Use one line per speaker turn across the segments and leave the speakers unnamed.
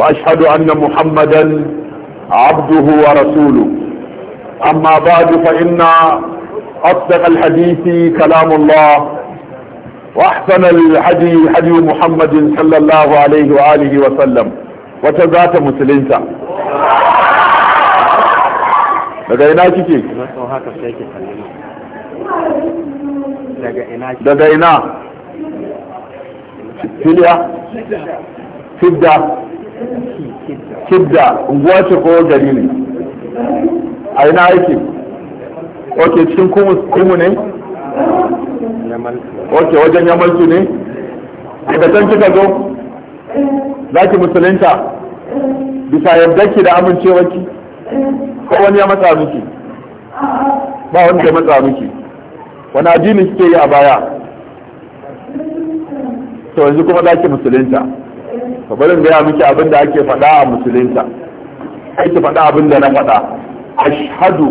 واشهد ان محمدا عبده ورسوله اما بعد فان اصدق الحديث كلام الله واحسن الحدي حدي محمد صلى الله عليه واله وسلم وتزات مسلمتا daga ina kike daga ina filiya fidda kidda unguwa ce ko gari ne a ina aiki ok cikin kumu ne ok wajen yamaltu ne daga can kika zo za ki musulunta bisa yadda ki da ki? ko wani ya matsa miki ba wanda ya matsa miki wani addini kike yi a baya to yanzu kuma za ki musulunta ka barin gaya miki abin da ake faɗa a musulunta ake faɗa abin da na faɗa
ashhadu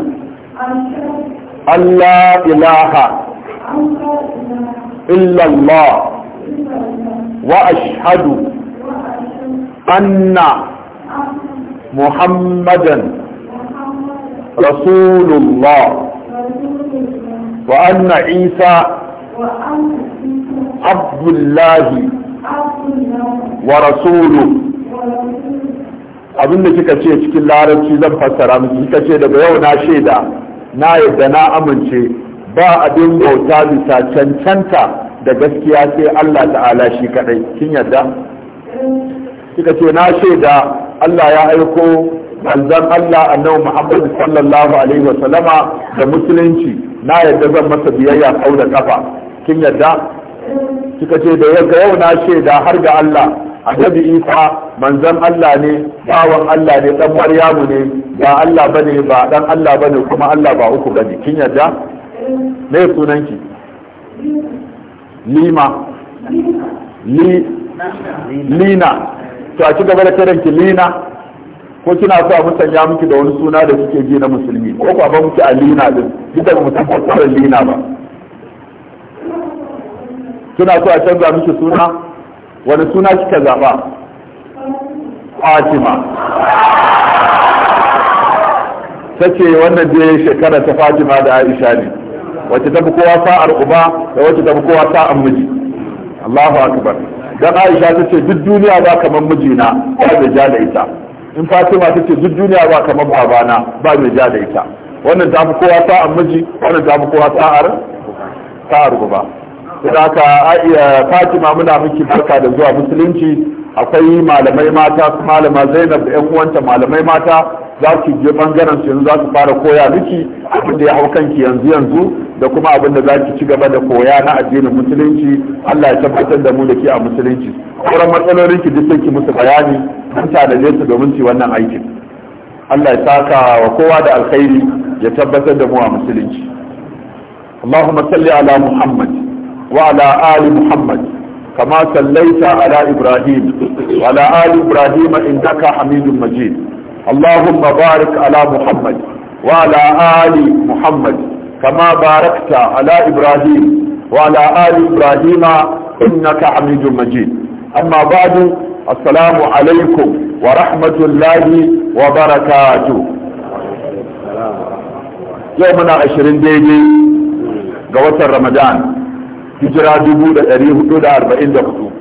Allah ilaha illallah
wa ashadu
anna muhammadan rasulullah wa anna isa abdullahi
wa rasulu
abinda kika ce cikin larabci zan fassara miki kika ce daga yau na shaida na yadda na amince ba abin bauta bisa cancanta da gaskiya sai Allah ta'ala shi kadai kin yadda kika ce na shaida Allah ya aiko manzon Allah annabi Muhammad sallallahu alaihi wasallama da musulunci na yadda zan masa biyayya kau kafa kin yadda suka ce da yau yau na shaida har ga Allah annabi Isa manzon Allah ne bawan Allah ne dan Maryamu ne ba Allah bane ba dan Allah bane kuma Allah ba uku bane kin yarda me sunan ki lima li lina to a ci gaba da kiran ki lina ko kina so a musanya miki da wani suna da kike ji na musulmi ko ba ba miki a lina din duk da mutum ba lina ba suna so a canza miki suna wani suna kika zaba
fatima
ce wannan dai shekara ta fatima da aisha ne wacce fi kowa sa'ar uba da wacce fi kowa sa'ar miji Allahu akbar dan Aisha ta ce duk duniya ba kamar mijina ba mai ja da ita in Fatima ta ce duk duniya ba kamar babana ba mai ja da ita wannan ta fi kowa sa'ar miji wannan ta fi kowa sa'ar sa'ar uba haka fatima muna miki barka da zuwa musulunci akwai malamai mata malama zainab da yan uwanta malamai mata za ki je bangaren su yanzu za su fara koya miki abin da ya hau kanki yanzu yanzu da kuma abin da za ki ci gaba da koya na addinin musulunci Allah ya tabbatar da mu da ke a musulunci kuma matsalolin ki duk ki musu bayani an tanaje su domin ci wannan aikin Allah ya saka wa kowa da alkhairi ya tabbatar da mu a musulunci اللهم صل على محمد وعلى آل محمد كما صليت على إبراهيم وعلى آل إبراهيم إنك حميد مجيد اللهم بارك على محمد وعلى آل محمد كما باركت على إبراهيم وعلى آل إبراهيم إنك حميد مجيد أما بعد السلام عليكم ورحمة الله وبركاته يومنا عشرين ديدي قوة الرمضان hijira dubu da ɗari hudu da arba'in da hudu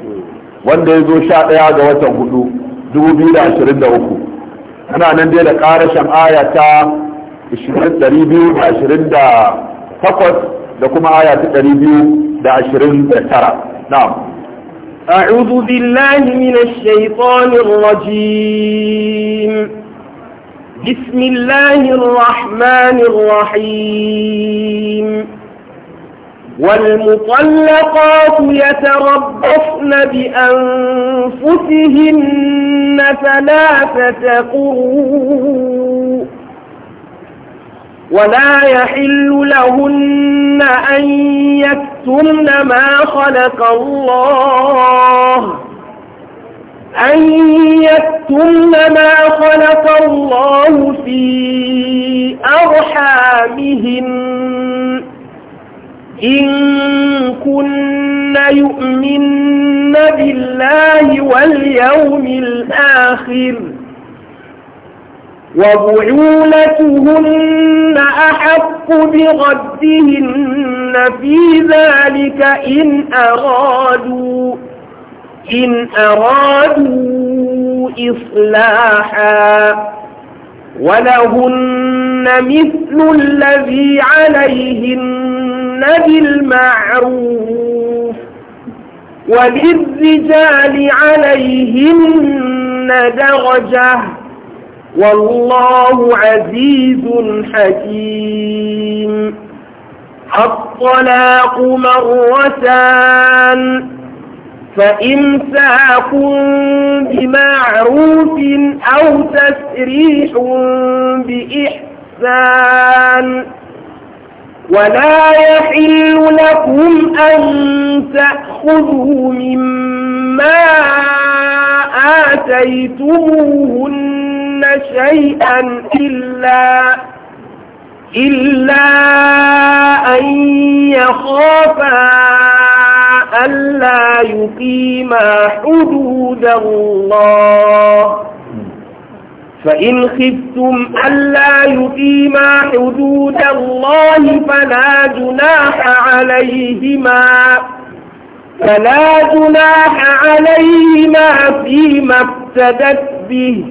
wanda ya zo sha ɗaya ga watan hudu dubu biyu da ashirin da uku ana nan dai da ƙarashin aya ta ɗari biyu da ashirin da takwas da kuma aya ta ɗari biyu da ashirin da tara na'am
أعوذ بالله من الشيطان الرجيم بسم الله الرحمن الرحيم والمطلقات يتربصن بأنفسهن ثلاثة قروء ولا يحل لهن أن يكتمن ما خلق الله أن يكتمن ما خلق الله في أرحامهن إن كن يؤمن بالله واليوم الآخر وبعولتهن أحق بردهن في ذلك إن أرادوا إن أرادوا إصلاحا ولهن مثل الذي عليهن بالمعروف وللرجال عليهن درجة والله عزيز حكيم الطلاق مرتان فإمساك بمعروف أو تسريح بإحسان ولا يحل لكم أن تأخذوا مما آتيتموهن شيئا إلا إلا أن يخافا ألا يقيما حدود الله فإن خفتم ألا يقيما حدود الله فلا جناح عليهما فلا جناح عليهما فيما افتدت به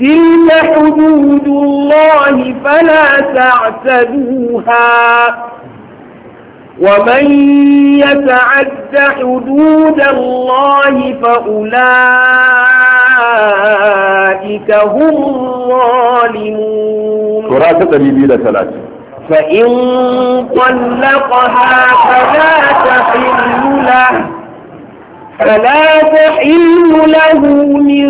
تلك حدود الله فلا تعتدوها ومن يتعد حدود الله فأولئك هم الظالمون قراءة
تبيبيلة ثلاثة
فإن طلقها فلا تحل له
فلا
تحل له من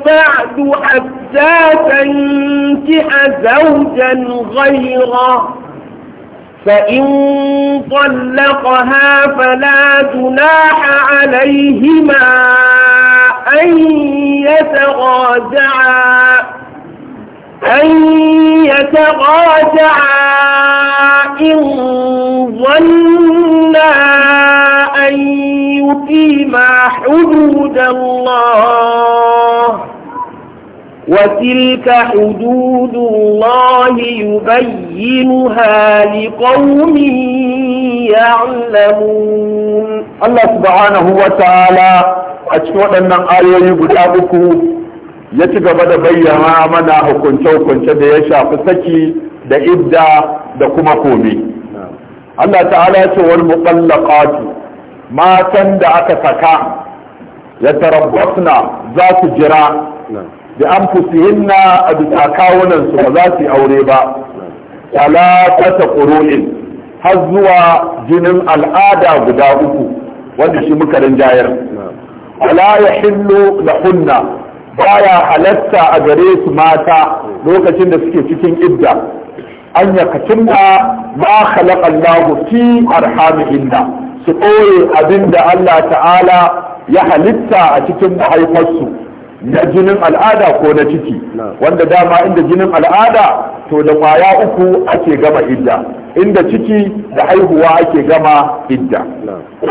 بعد حتى تنكح زوجا غيره فإن طلقها فلا تناح عليهما أن يتغاجعا أن يتغاجعا إن ظنا أن يقيما حدود الله وتلك حدود الله يبينها لقوم يعلمون الله سبحانه
وتعالى أشهد أن آية يقول ya ci gaba da bayyana mana hukunce-hukunce da ya shafi saki da idda da kuma komi Allah ta'ala ya ce wal muqallaqatu matan da aka saka ya tarabbasna za su jira an anfusihinna a bisa kawunan su ba za su aure ba talatata ƙuru'in har zuwa jinin al'ada guda uku wanda shi muka rinjayar ala yahillu ba baya halatta a gare su mata lokacin da suke cikin idda an yakatinna ma khalaqa Allahu fi da su ɓoye abin da Allah ta'ala ya halitta a cikin mahaifarsu na jinin al'ada ko na ciki wanda dama inda jinin al'ada to da kwaya uku ake gama idda inda ciki da haihuwa ake gama idda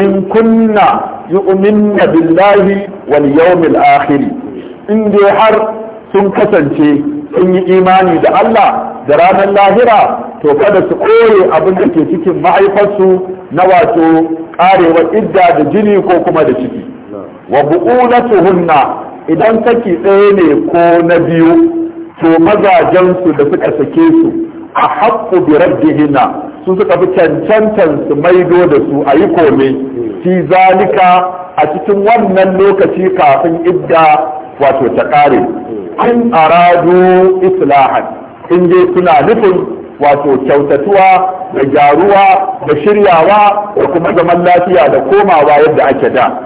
in kunna yu'minna billahi wal yawmil akhir in dai har sun kasance sun yi imani da Allah da ranar lahira to kada su kore abin da ke cikin mahaifarsu na wato karewar idda da jini ko kuma da ciki wa bu'ulatuhunna idan saki ɗaya ne ko na biyu to mazajensu da suka sake su a haƙƙu bi rabbihina su suka fi cancantan su maido da su a yi kome fi zalika a cikin wannan lokaci kafin idda wato ta ƙare in aradu islahan in je suna nufin wato kyautatuwa da gyaruwa da shiryawa da kuma zaman lafiya da komawa yadda ake da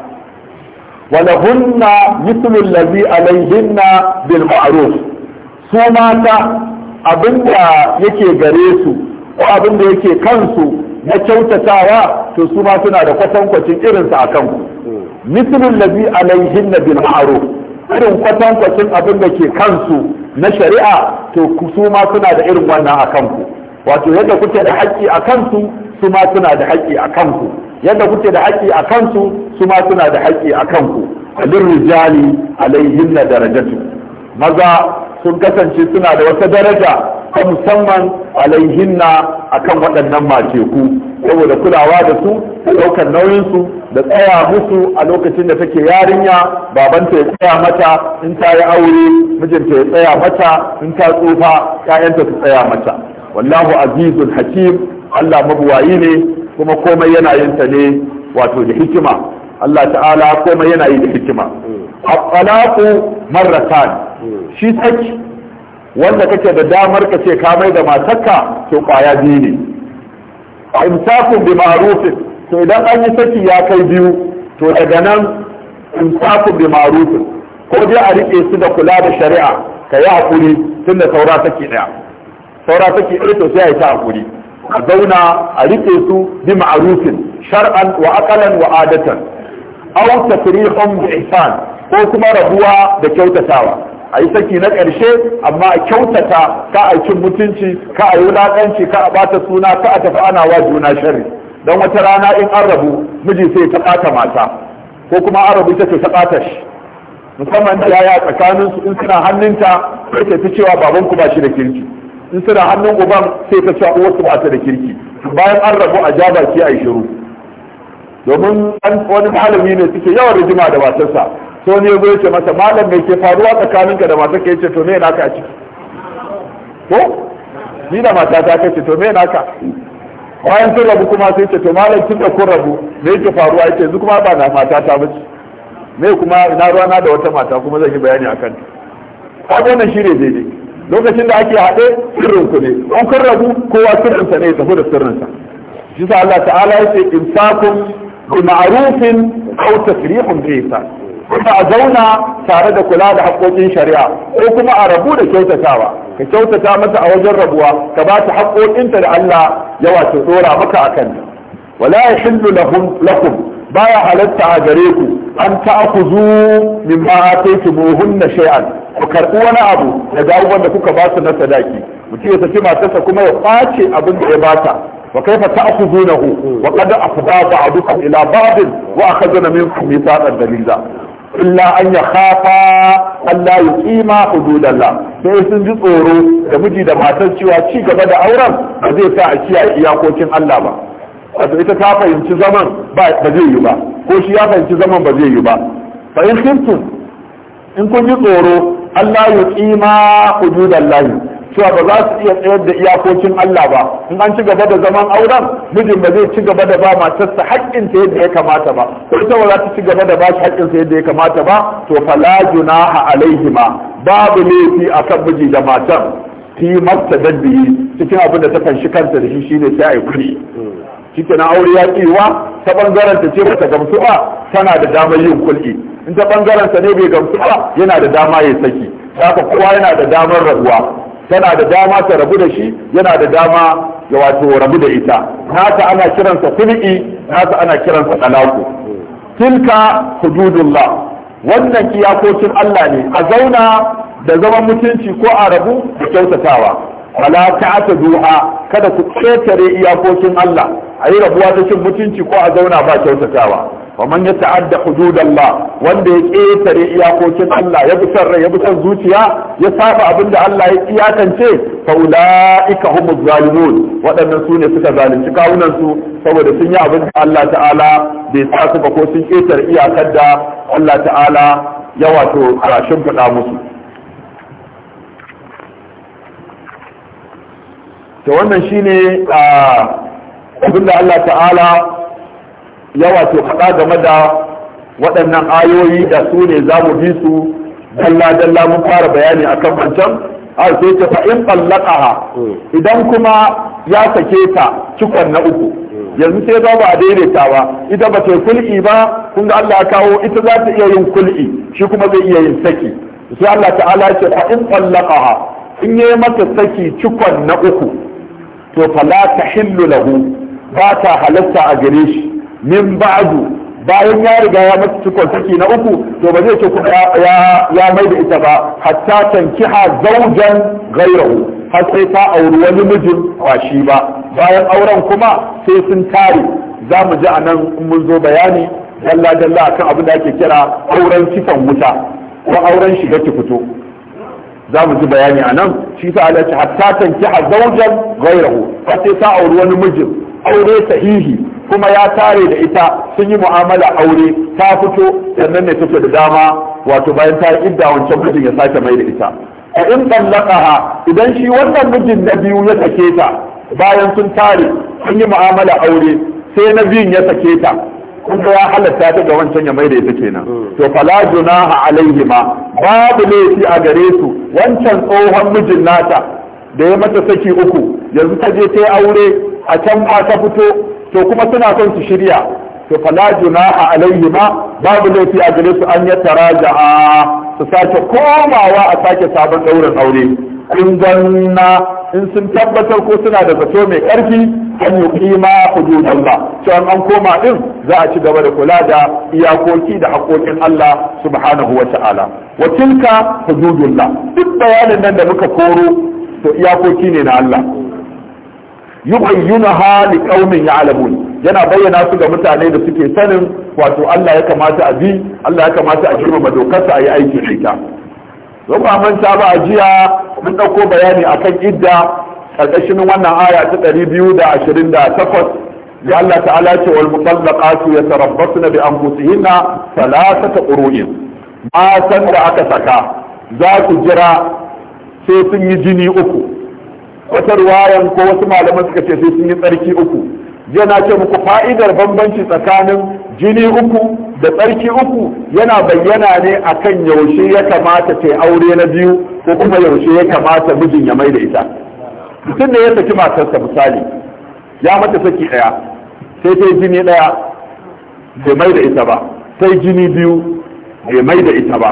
ولهن مثل الذي عليهن بالمعروف su mata abinda yake gare su ko abinda yake kansu na kyautatawa to su ma suna da kwatankwacin irinsa a ku. mislul ladhi alaihin bil ma'ruf irin kwatankwacin abin da ke kansu na shari'a to su ma suna da irin wannan a ku. wato yadda kuke da haƙƙi a kansu su ma suna da haƙƙi a ku. yadda kuke da haƙƙi a kansu su ma suna da haƙƙi a kanku alin rijali alaihin na darajatu maza sun kasance suna da wata daraja ta musamman alaihin na akan waɗannan mateku saboda kulawa da su da ɗaukar nauyinsu da tsaya musu a lokacin da take yarinya babanta ya tsaya mata in ta yi aure mijinta ya tsaya mata in ta tsufa 'ya'yanta su tsaya mata wallahu azizun hakim Allah mabuwayi ne kuma komai yana yin ta ne wato da hikima Allah ta'ala komai yana yi da hikima at-talaqu marratan shi saki wanda kake da damar ka ce ka mai da matarka to kwaya biyu ne imsakun bi ma'rufin to idan an yi saki ya kai biyu to daga nan imsakun bi ma'rufin ko dai a rike su da kula da shari'a ka yi hakuri tunda saura saki daya saura saki ɗaya to sai a yi ta hakuri a zauna a rike su bi ma'arufin shar'an wa aqalan wa adatan aw tafrihum bi ihsan ko kuma rabuwa da kyautatawa a yi saki na ƙarshe amma a kyautata ka a cin mutunci ka a yi wulaƙanci ka a bata suna ka a tafi ana wa juna sharri don wata rana in an rabu miji sai ta ɓata mata ko kuma an rabu take ta ɓata shi musamman da yaya tsakaninsu in suna hannunta sai ta cewa babanku ba shi da kirki in suna hannun uban sai ta cewa uwarsu ba ta da kirki bayan an rabu a jaba ke a yi shiru domin wani malami ne suke yawan rijima da matarsa so ne ya ce masa malam mai ke faruwa tsakaninka da matarka ya ce to me naka a ciki ko ni da matata ta ce to me naka bayan sun rabu kuma sai ce to malam tun da kun rabu me yake faruwa yace yanzu kuma ba na matata ba ce me kuma ina ruwana da wata mata kuma zan yi bayani akan ta wannan shi ne daidai lokacin da ake haɗe sirrin ku ne in kun rabu kowa sirrinsa ne tafi da sirrinsa shi sa Allah ta'ala yace insakum bi ma'rufin aw tasrihun bi kuma a zauna tare da kula da haƙƙoƙin shari'a ko kuma a rabu da kyautatawa ka kyautata mata a wajen rabuwa ka ba ta haƙƙoƙinta da Allah ya wato dora maka akan wala yahillu lahum lakum baya halatta a gare ku an ta'khudhu mimma ataytumuhunna shay'an ku karɓi wani abu daga abubuwan da kuka ba su na sadaki mutum ya saki matarsa kuma ya kwace abin da ya bata wa kaifa ta'khudunahu wa qad afda ba'dukum ila ba'd wa akhadna minkum mithaqan dalila illa an yakhafa an la yuqima hududallah sai sun ji tsoro da miji da matar cewa ci gaba da auren ba zai sa a kiyaye iyakokin Allah ba wato ita ta fahimci zaman ba zai yi ba ko shi ya fahimci zaman ba zai yi ba fa in khiftum in kun ji tsoro Allah ya qima hududallahi cewa ba za su iya tsayar da iyakokin Allah ba in an ci gaba da zaman auren mijin ba zai ci gaba da ba matarsa haƙƙin ta yadda ya kamata ba ko ita ba za ta ci gaba da ba shi haƙƙin sa yadda ya kamata ba to fala junaha alaihima babu laifi akan miji da matar fi masta dabbi cikin abin da ta fanshi kanta da shi shine sai ai kuɗi na aure ya wa ta bangaren ta ce ta gamsu ba tana da damar yin kulki in ta bangaren ta ne bai gamsu ba yana da dama ya saki haka kowa yana da damar rabuwa tana da dama ta rabu da shi yana da dama ya wato rabu da ita nata ana kiransa kulki nata ana kiransa talaku tilka hududullah wannan iyakokin Allah ne a zauna da zaman mutunci ko a rabu da kyautatawa wala ta'tadu'a duha kada ku ƙetare iyakokin Allah a yi rabuwa ta cin mutunci ko a zauna ba kyautatawa man ya ta'adda hududallah wanda ya ƙetare iyakokin Allah ya bi rai ya zuciya ya saba abinda Allah ya iyakance fa ulaika humuz zalimun waɗannan su ne suka zalunci kawunan su saboda sun yi abin da Allah ta'ala bai sa su ba ko sun ƙetare iyakar da Allah ta'ala ya wato karashin fada musu to wannan shine a ah, abinda Allah ta'ala ya wato faɗa game da waɗannan ayoyi da su ne za mu bi su dalla dalla mun fara bayani akan wancan har sai ta fa in idan kuma ya sake ta cikon na uku yanzu sai za ba daidaita ba ita ba ta kul'i ba kun ga Allah ya kawo ita za ta iya yin kul'i shi kuma zai iya yin saki sai Allah ta'ala ce fa in ya in mata saki cikon na uku to fala hillu lahu ba ta halatta a gare shi min ba'du bayan ya riga ya mata cikon saki na uku to ba zai ce kuma ya mai da ita ba hatta tankiha zaujan gairahu har sai ta auri wani mijin ba shi ba bayan auren kuma sai sun tare za mu ji a nan mun zo bayani dalla dalla akan abin da ake kira auren cikon wuta ko auren shiga ki fito za mu ji bayani a nan shi sa alaci ya hatta tankiha zawjan ghayrahu fa sai ta auri wani mijin aure sahihi kuma ya tare da ita sun yi mu'amala aure ta fito sannan ne take da dama wato bayan ta yi idda wancan mijin ya sake mai da ita a in tallaqaha idan shi wannan mijin na biyu ya sake ta bayan sun tare sun yi mu'amala aure sai na biyun ya sake ta kun ya halatta ta ga wancan ya da ita kenan to fala junaha alaihima babu laifi a gare su wancan tsohon mijin nata da ya mata saki uku yanzu ta je ta aure a can ba ta fito to kuma suna son su shirya to fala junaha alaihima babu laifi a gare su an ya taraja su sake komawa a sake sabon ɗaurin aure kun ganna in sun tabbatar ko suna da zato mai ƙarfi an yi ƙima. hududun ba to an koma din za a ci gaba da kula da iyakoki da haƙoƙin Allah subhanahu wa ta'ala wa tilka hududullah duk bayanin nan da muka koro to iyakoki ne na Allah yubayyunaha liqaumin ya'lamun yana bayyana su ga mutane da suke sanin wato Allah ya kamata a bi Allah ya kamata a girmama dokarsa a yi aiki da ita. Zan ba manta ba a jiya mun ɗauko bayani akan idda ƙarƙashin wannan aya ta ɗari biyu da ashirin da takwas da Allah ta'ala ce wal mutallaqatu na bi an anfusihinna thalathata qurun matan da aka saka za su jira sai sun yi jini uku wata ruwayan ko wasu malaman suka ce sai sun yi tsarki uku yana ce muku fa'idar bambanci tsakanin jini uku da tsarki uku yana bayyana ne kan yaushe ya kamata ta aure na biyu ko kuma yaushe ya kamata mijin ya mai da ita mutum ne ya saki matarsa misali ya mata saki ɗaya sai sai jini ɗaya bai mai da ita ba sai jini biyu bai mai da ita ba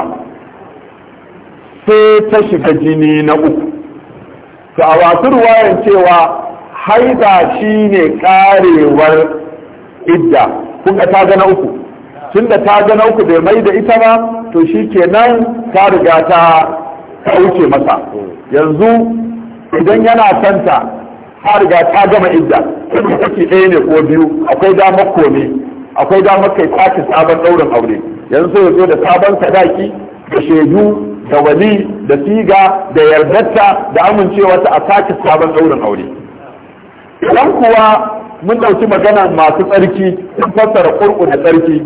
sai ta shiga jini na uku to a wasu ruwayan cewa haida shi ne karewar idda kun ga ta gana uku tunda ta gana uku bai mai da ita ba to shi ke nan ta riga ta kauce masa yanzu idan yana santa ta riga ta gama idda kake ɗaya ne ko biyu akwai damar kome akwai damar kai sake sabon ɗaurin aure yanzu ya zo da sabon sadaki da shaidu da wali da siga da yardarta da ta a sake sabon ɗaurin aure idan kuwa mun ɗauki magana masu tsarki sun fassara ƙurƙu da tsarki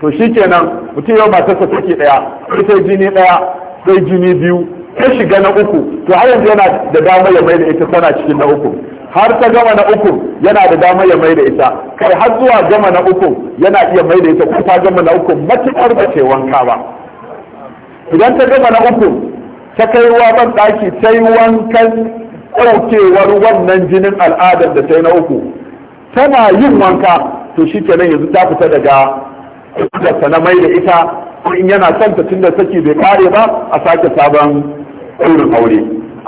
to shi kenan mutum yau matarsa take ɗaya sai jini ɗaya sai jini biyu ta shiga na uku to har yanzu yana da dama ya mai da ita tana cikin na uku har ta gama na uku yana da dama ya mai da ita kai har zuwa gama na uku yana iya mai da ita ko ta gama na uku matuƙar ba ce wanka ba idan ta gama na uku ta kai wa banɗaki ɗaki ta yi wankan ɗaukewar wannan jinin al'adar da ta yi na uku tana yin wanka to shi kenan yanzu ta fita daga ta na mai da ita ko in yana son ta tunda saki bai kare ba a sake sabon ɗaurin aure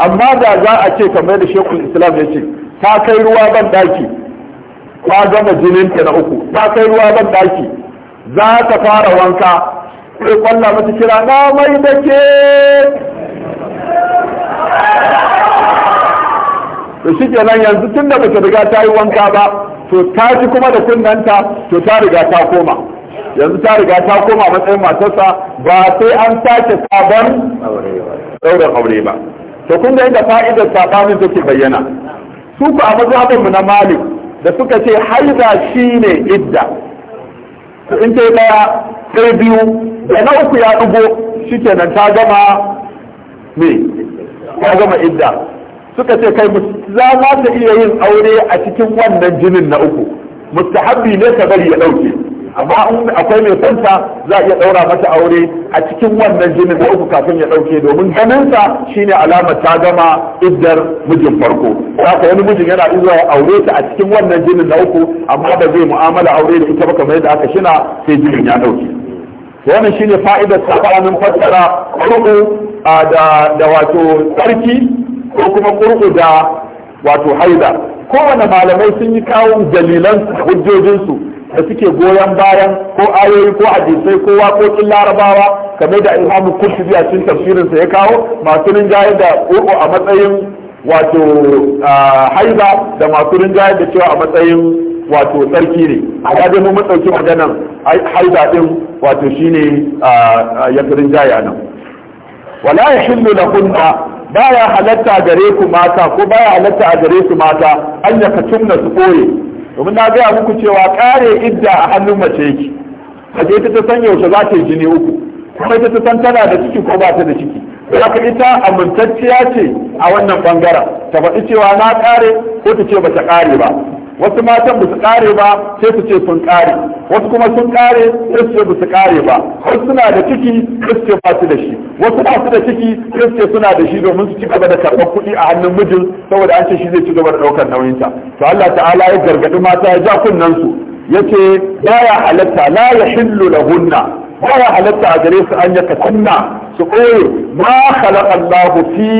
amma da za a ce kamar da shekul islam ya ce ta kai ruwa ban daki ta gama jinin ta na uku ta kai ruwa ban daki za ta fara wanka sai kwalla mata kira na mai da ke to shi kenan yanzu tun da bata riga ta yi wanka ba to ta ci kuma da kunnanta to ta riga ta koma yanzu ta riga ta koma matsayin matarsa ba sai an sake sabon ɗaurin aure ba to kun ga inda fa'idar sabanin take bayyana su ku a mu na malik da suka ce haiza shine idda to in ta yi daya sai biyu da na uku ya dugo kenan ta gama me ta gama idda suka ce kai za ma ta iya yin aure a cikin wannan jinin na uku mustahabbi ne ka bari ya dauke amma akwai mai fanta za a iya daura mata aure a cikin wannan jinin na uku kafin ya dauke domin ganin sa shine alamar ta gama iddar mijin farko haka wani mijin yana zuwa ya aure ta a cikin wannan jinin na uku amma ba zai mu'amala aure da ita ba kamar yadda aka shina sai jinin ya dauke wannan shine fa'idar sabanin fassara ruku da wato tsarki ko kuma ƙur'u da wato haida kowane malamai sun yi kawo dalilan hujjojinsu da suke goyon bayan ko ayoyi ko hadisai ko waƙoƙin larabawa game da imam kurtubi a cikin tafsirinsa ya kawo masu rinjaye da ƙurƙu a matsayin wato haiza da masu rinjaye da cewa a matsayin wato tsarki ne a gaje mu matsauki maganan haida din wato shine ya rinjaye nan wala yahillu lahunna baya halatta gare ku mata ko baya halatta a gare su mata an ya ka tumna su koye domin na gaya muku cewa kare idda a hannun mace yake kaje ta ta san yaushe za ta yi jini uku kuma ita ta san tana da ciki ko ba ta da ciki haka ita amintacciya ce a wannan bangaren ta faɗi cewa na kare ko ta ce ba ta kare ba wasu matan ba su kare ba sai su ce sun kare wasu kuma sun kare sai su ce ba su kare ba wasu suna da ciki sai su ce ba su da shi wasu ba su da ciki sai su ce suna da shi domin su ci gaba da karɓar kuɗi a hannun mijin saboda an ce shi zai ci gaba da ɗaukar nauyin ta. to Allah ta'ala ya gargaɗi mata ya ja kunnen su yace baya halatta la yahillu lahunna baya halatta a gare su an yakatanna su koye ma khalaqa Allah fi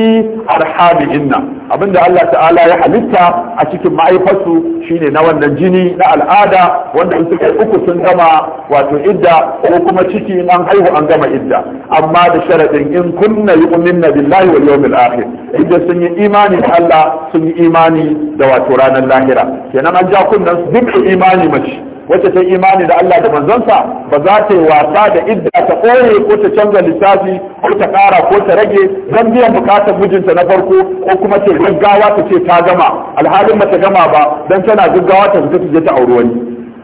arhamihinna abinda Allah ta'ala ya halitta a cikin ma'aifarsu shine na wannan jini na al'ada wanda in suka uku sun gama wato idda ko kuma ciki in an haihu an gama idda amma da sharadin in kunna yu'minna billahi wal yawmil akhir idda sun yi imani da Allah sun yi imani da wato ranar lahira kenan an ja kunnan su duk imani mace wacce ta imani da Allah da manzonsa ba za ta yi wasa da idda ta koye ko ta canza lissafi ko ta ƙara ko ta rage zan biyan buƙatar mijinta na farko ko kuma ce gaggawa ta ce ta gama alhalin mace gama ba don tana gaggawa ta fita ta ta auri wani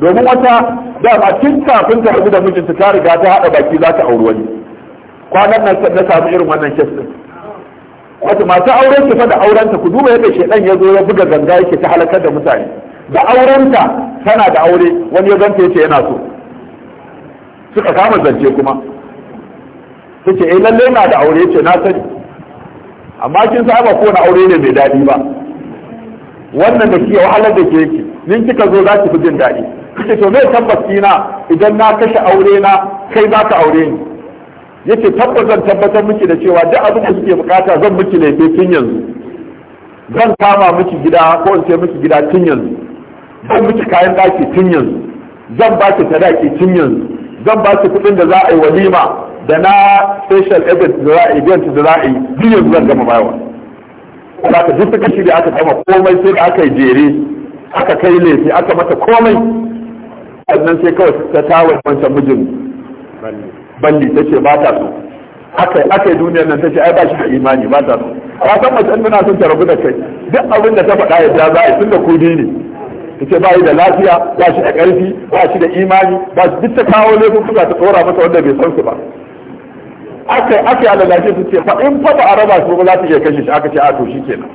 domin wata ba tun kafin ta rabu da mijinta ta riga ta haɗa baki za ta auri wani kwanan nan na samu irin wannan kes wata mata auren ta fa da aurenta ku duba yadda shedan ya zo ya buga ganga yake ta halakar da mutane da aurenta tana da aure wani ya ganta yace yana so suka kama zance kuma suke ce eh lalle na da aure ce na sani amma kin sa ba kowane aure ne mai daɗi ba wannan da ke wahalar da ke yake nin kika zo za ki fi jin daɗi kike to me tabbas kina idan na kashe aure na kai za ka aure ni yace tabbas zan tabbatar miki da cewa duk abin da kike bukata zan miki laifi tun yanzu zan kama miki gida ko in ce miki gida tun yanzu zan miki kayan ɗaki tun yanzu zan ba ki sadaki tun yanzu zan ba ki kuɗin da za a yi walima da na special event da za'a event da a yi yanzu zan gama bayawa ba ka duk kashi da aka gama komai sai da aka yi jere aka kai laifi aka mata komai sannan sai kawai ta tawa wancan mijin balli ta ce ba ta so aka aka yi duniyar nan ta ce ai ba shi da imani ba ta so ba san mace in muna son ta rabu da kai duk abin da ta faɗa ya ja za a yi tun da kudi ne ce ba yi da lafiya ba shi da ƙarfi ba shi da imani ba shi duk ta kawo kuka ta tsora masa wanda bai san su ba aka aka lalace su ce fa in fa ba a raba su ba za su iya kashe shi aka ce a to shi kenan,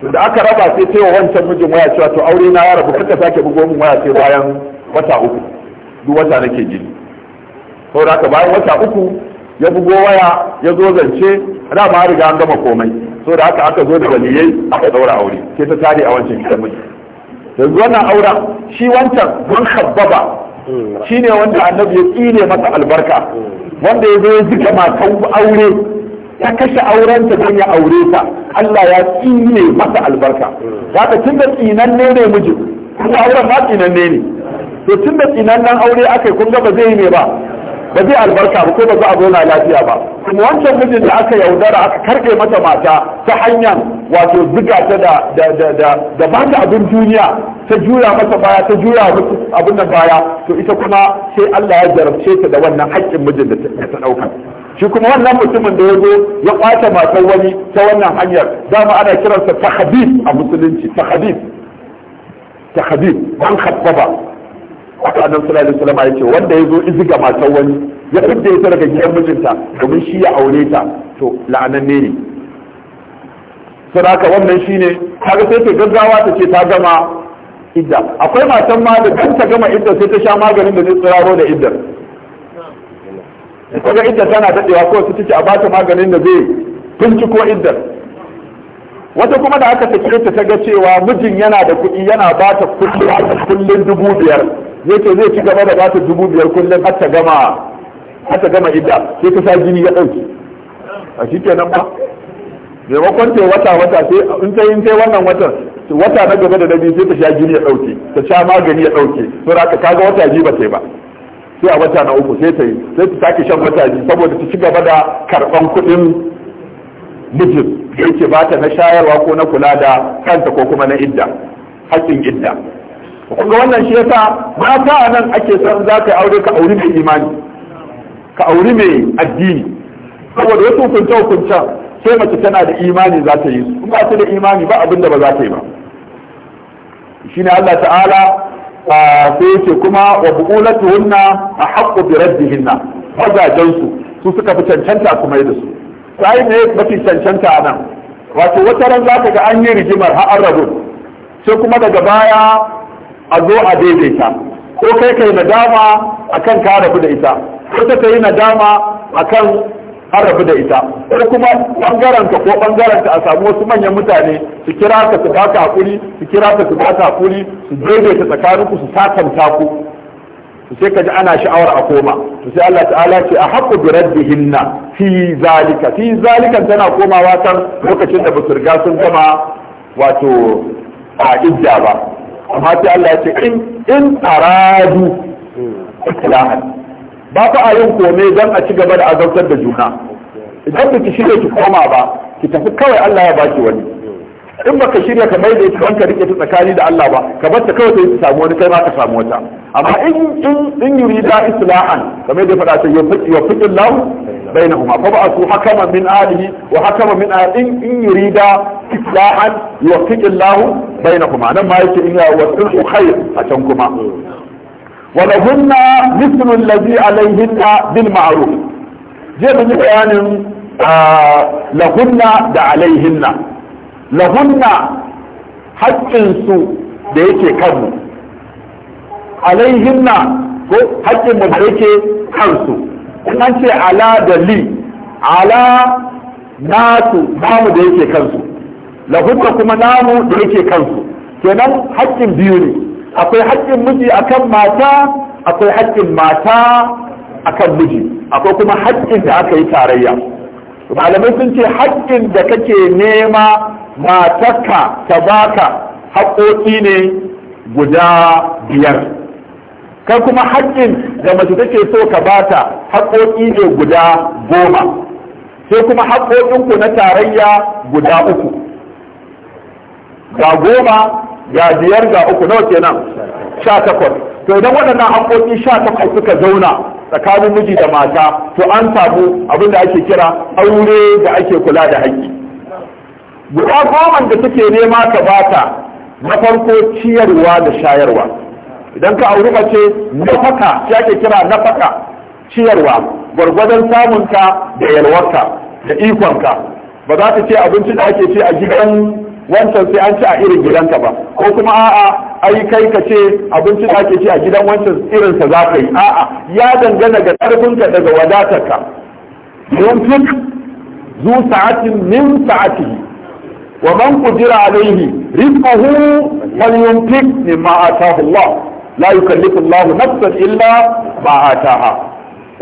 to da aka raba sai wa wancan mijin waya cewa to aure na ya rabu kada sake bugo min waya sai bayan wata uku duk wata nake jini da haka bayan wata uku ya bugo waya ya zo zance da ma riga an gama komai saboda haka aka zo da waliyai aka daura aure sai ta tare a wancan gidan miji yanzu wannan aura shi wancan mun habbaba shine wanda annabi ya tsine masa albarka wanda ya zo ya zika matan aure ya kashe aurenta don ya aure ta Allah ya tsine masa albarka haka tun da tsinanne ne miji kuma auren ma tsinanne ne to tun da nan aure aka yi kun ga ba zai yi ne ba ba zai albarka ba ko ba za a zauna lafiya ba kuma wancan mijin da aka yaudara aka karɓe mata mata ta hanyar wato ziga ta da da da da ba ta abin duniya ta juya mata baya ta juya musu abin nan baya to ita kuma sai Allah ya jarabce ta da wannan haƙƙin mijin da ta ɗauka shi kuma wannan mutumin da ya zo ya kwace matar wani ta wannan hanyar dama ana kiransa tahdid a musulunci tahdid tahdid ban khattaba haka suna da sulama ya ce wanda ya zo ga matan wani ya fidda ya daga gidan mijinta domin shi ya aure ta to la'ananne ne sadaka wannan shine kaga sai ta gaggawa ta ce ta gama idda akwai matan ma da kan ta gama idda sai ta sha maganin da zai tsiraro da iddar kaga idda tana dadewa ko su ce a bata maganin da zai binciko idda wata kuma da aka take ta ta ga cewa mijin yana da kuɗi yana bata kuɗi kullun dubu biyar yake zai ci gaba da ba ta dubu biyar kullum har ta gama har ta gama idda sai ta sa jini ya dauke a shi kenan ba maimakon ta wata wata sai in ta yi wannan watan wata na gaba da nabi sai ta sha jini ya dauke ta sha magani ya ɗauke sai ka kaga wata ji ba ta ba sai a wata na uku sai ta yi sai ta sake shan wata ji saboda ta ci gaba da karban kuɗin mijin da yake ta na shayarwa ko na kula da kanta ko kuma na idda haƙƙin idda kun ga wannan shi yasa mata a nan ake san za ka aure ka auri mai imani ka auri mai addini saboda wasu hukunce hukuncen sai mace tana da imani za ta yi su ba ta da imani ba abinda ba za ta yi ba shine Allah ta'ala sai yake kuma wa a haƙƙo bi raddihinna mazajen su su suka fi cancanta kuma da su sai ne mafi cancanta a nan wato wata ran za ka ga an yi rigimar ha'ar rabu sai kuma daga baya a zo a daidaita ko kai kai nadama kan ka rabu da ita ko ta kai nadama kan an rabu da ita ko kuma bangaren ko bangaren a samu wasu manyan mutane su kira ka su baka hakuri su kira ka su baka hakuri su daidaita tsakanin ku su sakanta ku to sai kaji ana sha'awar a koma to sai Allah ta'ala ce a haqqu bi hinna fi zalika fi zalika tana komawa kan lokacin da basu riga sun gama wato a idda ba amma sai Allah ya ce in in aradu islahan ba fa a yin kome don a ci gaba da azabtar da juna idan ba ki shirya ki koma ba ki tafi kawai Allah ya baki wani in baka shirya ka mai da ita wanka rike ta tsakani da Allah ba ka bar ta kawai sai ta samu wani kai ma ka samu wata amma in in in yurida islahan kamar da fada ta yafi yafi Allah bainahuma fa ba'athu hakaman min alihi wa hakaman min adin in yurida islahan yafi Allah bainahuma nan ma yake in ya wasu khair a can kuma ولهن مثل الذي عليهن بالمعروف جيب bayanin ah, lahunna da alaihinna lahunna haƙƙinsu da yake kanmu alaihinna ko haƙƙinmu da yake kansu in an ce ala da li ala nasu namu da yake kansu lahunna kuma namu da yake kansu kenan haƙƙin biyu ne akwai haƙƙin miji akan mata akwai haƙƙin mata akan miji akwai kuma haƙƙin da aka yi tarayya malamai sun ce haƙƙin da kake nema matarka ta baka haƙoƙi ne guda biyar kai kuma haƙƙin da mace take so ka bata haƙoƙi ne guda goma sai kuma haƙoƙinku na tarayya guda uku ga goma ga biyar ga uku nawa kenan sha takwas to idan waɗannan haƙoƙi sha takwas suka zauna tsakanin miji da mata to an samu abin da ake kira aure da ake kula da haƙƙi guda goman da take nema ka bata na farko ciyarwa da shayarwa idan ka auri mace nafaka shi ake kira nafaka ciyarwa gwargwadon samunka da yalwarka da ikonka ba za ta ce abinci da ake ce a gidan wancan sai an ci a irin gidanka ba ko kuma a'a ai kai ka ce abinci da ake ci a gidan wancan irinsa za ka yi a'a ya dangana ga ƙarfinka daga wadatarka Mun fi zu sa'atin min sa'atihi wa man qudira alayhi rizquhu falyunfiq mimma ataahu Allah la yukallifu Allah nafsan illa ma ataaha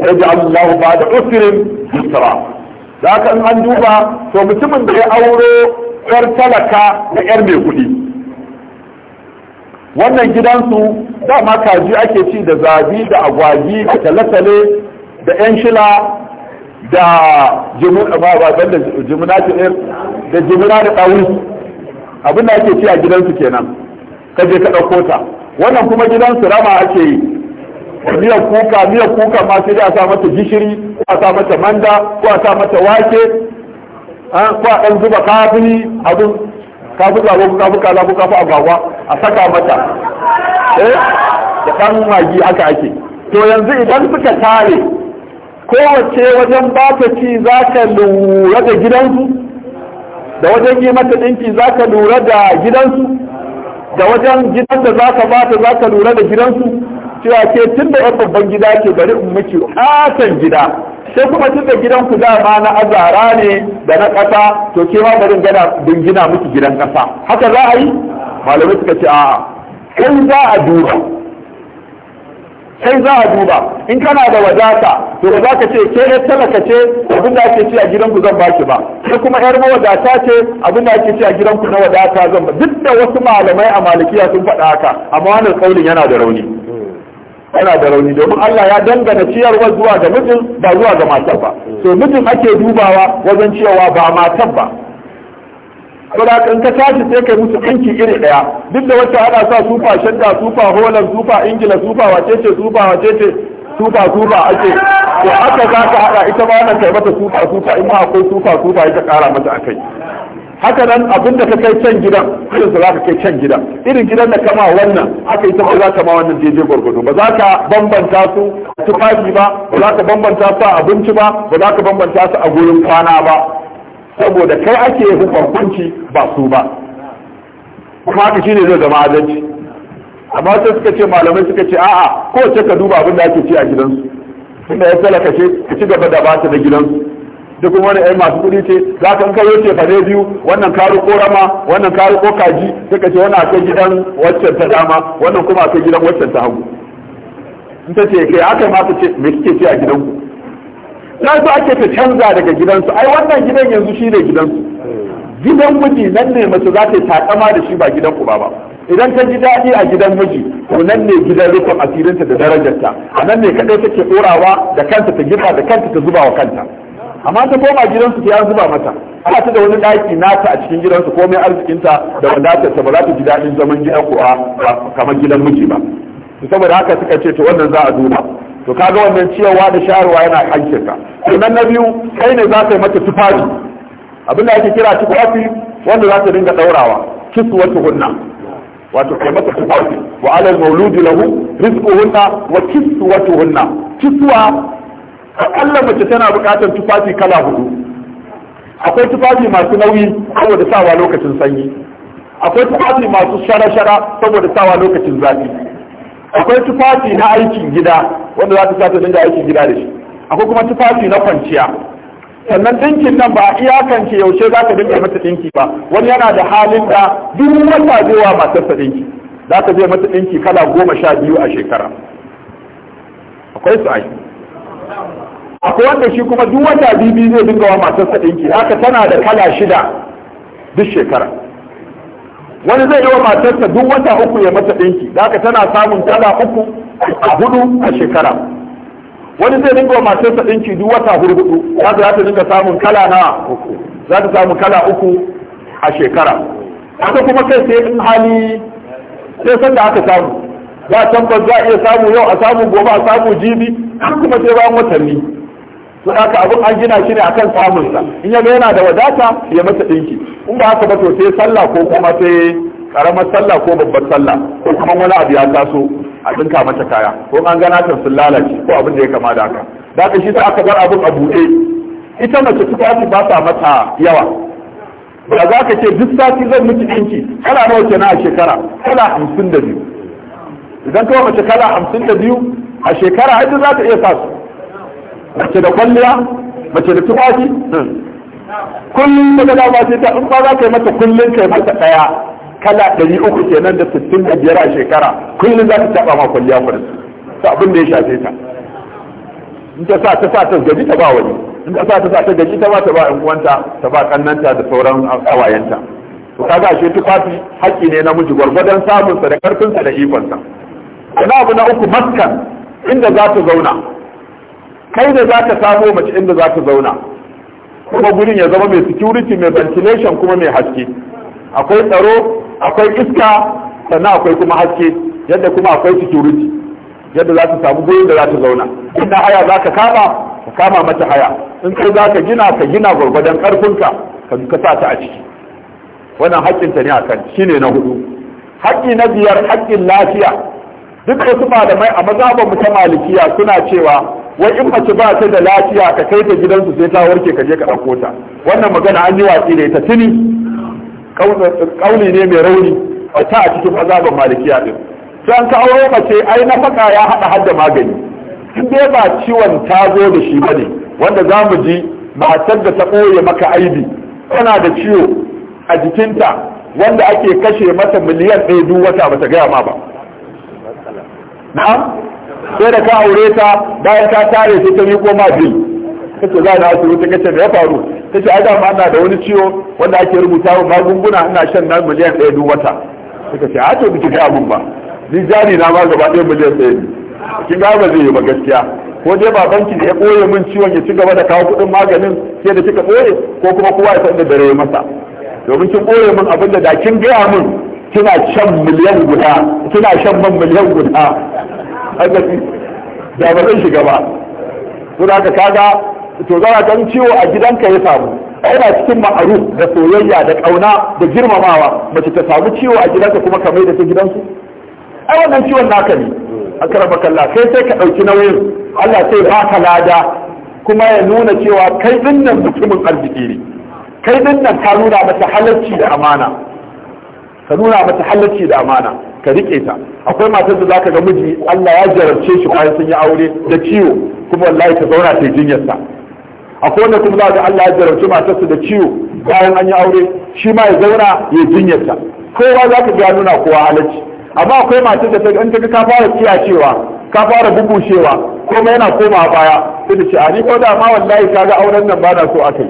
yaj'al Allah ba'da usrin yusra zaka in an duba to mutumin da ya aure yar talaka na yar mai kuɗi wannan gidansu dama kaji ake ci da zabi da agwagi da talatale da yan shila da jimin ba ba da jiminatin ɗin eh, da jimina da ɗawun abin da ake ci a gidansu kenan ka je ka ɗauko ta wannan kuma gidansu rama ake yi Miya kuka miya kuka ma sai a sa mata gishiri ko a sa mata manda ko a sa mata wake ko a ɗan zuba kafini abin kafi zabo kafi kaza ko kafi agwagwa a saka mata eh da ɗan magi haka ake to yanzu idan suka tare kowace wajen ba ci za ka lura da gidansu da wajen yi mata ɗinki za ka lura da gidansu da wajen gidan da za ka bata za ka lura da gidansu cewa ke tun da yan babban gida ke bari in miki ƙaton gida sai kuma tun da gidan ku dama na azara ne da na ƙasa to ke ma bari gana bin gina miki gidan ƙasa haka za a yi malamai suka ce a'a kai za a duba kai za a duba in kana da wadata to ba za ka ce ke yar talaka ce abin da ake ci a gidanku zan baki ba ko kuma yar mawadata ce abin da ake ci a gidanku na wadata zan ba duk da wasu malamai a malikiya sun faɗa haka amma wannan kaulin yana da rauni yana da rauni domin Allah ya dangana ciyarwa zuwa ga mijin ba zuwa ga matar ba to mijin ake dubawa wajen ciyarwa ba matar ba saboda ka tashi sai kai musu ɗinki iri ɗaya duk da wacce ana sa sufa shadda sufa holan sufa ingila sufa wacece sufa wacece sufa sufa ake to haka za ka haɗa ita ma wannan kai mata sufa sufa in ma akwai sufa sufa ita ƙara mata akai haka nan abin da ka kai can gidan irin su za ka kai can gidan irin gidan da kama wannan haka ita ba za ka ma wannan daidai gwargwado ba za ka bambanta su tufafi ba ba za ka bambanta su a abinci ba ba za ka bambanta su a gurin kwana ba saboda kai ake yin hukunci ba su ba kuma haka shine zai zama adalci amma sai suka ce malamai suka ce a'a kowace ka duba abin da ake ci a gidansu tunda ya talaka ce ka ci gaba da ba ta da gidansu duk wani ai masu kuɗi ce za ka yace fa fare biyu wannan karu ko rama wannan karu ko kaji sai ka ce wannan akai gidan waccan ta dama wannan kuma akai gidan waccan ta hagu in ta ce kai aka ma ta ce me kike ci a gidanku na su ake ta canza daga gidansu ai wannan gidan yanzu shi ne gidansu gidan miji nan ne mace za ta yi takama da shi ba gidan uba ba idan ta ji daɗi a gidan miji to nan ne gidan rufin asirinta da darajarta a nan ne kaɗai take ɗorawa da kanta ta girba da kanta ta zuba wa kanta amma ta koma gidansu ta zuba mata ana ta da wani ɗaki nata a cikin gidansu ko komai ta da wadatarta ba za ta ji daɗin zaman gidan a kamar gidan miji ba saboda haka suka ce to wannan za a duba to kaga wannan ciyarwa da shayarwa yana hankinka sannan na biyu kai ne za ka yi mata tufafi abin da ake kira tufafi wanda za ta dinga daurawa hunna wato kai mata tufafi wa alal mauludi lahu hunna, wa hunna kisuwa akalla mace tana buƙatar tufafi kala hudu akwai tufafi masu nauyi saboda sawa lokacin sanyi akwai tufafi masu shara-shara saboda sawa lokacin zafi akwai tufafi na aikin gida wanda za ta sa ta dinga aikin gida da shi akwai kuma tufafi na kwanciya sannan dinkin nan ba iyakance yaushe za ka dinga mata dinki ba wani yana da halin da duk wata zai wa matarsa dinki za ka je mata dinki kala goma sha biyu a shekara akwai su ai akwai wanda shi kuma duk wata bibi zai dinga wa matarsa dinki haka tana da kala shida duk shekara wani zai yi wa matarsa duk wata uku ya mata ɗinki da aka tana samun tana uku a hudu a shekara wani zai dinga wa matarsa ɗinki duk wata hurhudu za ta dinga samun kala na uku za ta samu kala uku a shekara haka kuma kai sai in hali sai san da aka samu ba tabbas za a iya samu yau a samu gobe a samu jibi kuma sai bayan watanni sun haka abin an gina shi ne akan sa in ya yana da wadata ya masa ɗinki in ba haka ba to sai sallah ko kuma sai karamar sallah ko babbar sallah ko kuma wani abu ya taso a ɗinka mata kaya ko an gana ta sun lalace ko abin da ya kama da haka da ka shi sai aka bar abin a buɗe ita mace tufafi ba ta mata yawa ba za ka ce duk sati zan miki ɗinki kala nawa kenan a shekara kala hamsin da biyu idan kawai mace kala hamsin da biyu a shekara ai za ta iya sa su mace da kwalliya mace da tufafi kullum da dama ce ta in ba za ka yi mata kullum kai mata daya kala ɗari uku kenan da sittin da biyar a shekara kullum za ta taɓa ma kwalliya kuɗin ta abin da ya shafe ta in ta sa ta sa ta gaji ta ba wani in ta sa ta sa ta gaji ta ba ta ba uwanta ta ba kannanta da sauran kawayenta. to kaga ashe tufafi haƙƙi ne namiji gwargwadon samunsa da ƙarfinsa da ikonsa. sa abu na uku maskan inda za ta zauna kai da za ka samo mace inda za ka zauna kuma gurin ya zama mai security mai ventilation kuma mai haske akwai tsaro akwai iska sannan akwai kuma haske yadda kuma akwai security yadda za ta samu gurin da za ta zauna inda haya za ka kama ka kama mata haya in kai za ka gina ka gina gwargwadon karfinka ka ka sa ta a ciki wannan ta ne akan ne na hudu haƙƙi na biyar haƙƙin lafiya duk wasu malamai a mazaban mu ta malikiya suna cewa wai in mace ba ta da lafiya ka kai ta gidansu sai ta warke ka je ka ɗauko ta wannan magana an yi watsi da ita tuni kauli ne mai rauni a ta a cikin azaban malikiya din sai ka aure mace ai na faka ya haɗa da magani in dai ba ciwon ta zo da shi bane wanda za mu ji matar da ta ɓoye maka aibi tana da ciwo a jikinta wanda ake kashe mata miliyan ɗaya duk wata bata gaya ma ba na'am sai da ka aure ta bayan ta tare sai ta miƙo ma bil kace za na ta kace da ya faru kace a da ana da wani ciwo wanda ake rubuta wa magunguna ina shan na miliyan ɗaya duk wata kace ce a to biki ga abun ba ni jari na ma gaba ɗaya miliyan ɗaya ne kin ga ba zai yi ba gaskiya ko dai ba banki da ya ɓoye min ciwon ya ci gaba da kawo kuɗin maganin sai da kika koye ko kuma kowa ya san da dare masa domin kin ɓoye min abin da da kin gaya min kina shan miliyan guda kina shan man miliyan guda agaji da ba zai shiga ba to da kaga to zara kan ciwo a gidanka ya samu yana cikin ma'aru da soyayya da kauna da girmamawa mace ta samu ciwo a gidanka kuma ka mai da ta gidansu ai wannan ciwon naka ne akrama kallah kai sai ka dauki nauyin Allah sai ba ka lada kuma ya nuna cewa kai dinnan mutumin arziki ne kai dinnan ka nuna mata halarci da amana ka nuna mata halacci da amana ka rike ta akwai matar da zaka ga miji Allah ya jarabce shi bayan sun yi aure da ciwo kuma wallahi ta zauna ta jinyar sa akwai wanda kuma zaka Allah ya jarabce matarsa da ciwo bayan an yi aure shi ma ya zauna ya jinyar sa kowa zaka ga nuna kowa halacci amma akwai matar da ta an ta ka fara kiyacewa ka fara bubushewa kuma yana koma baya sai ta ce a ni ko da ma wallahi kaga auren nan ba na so akai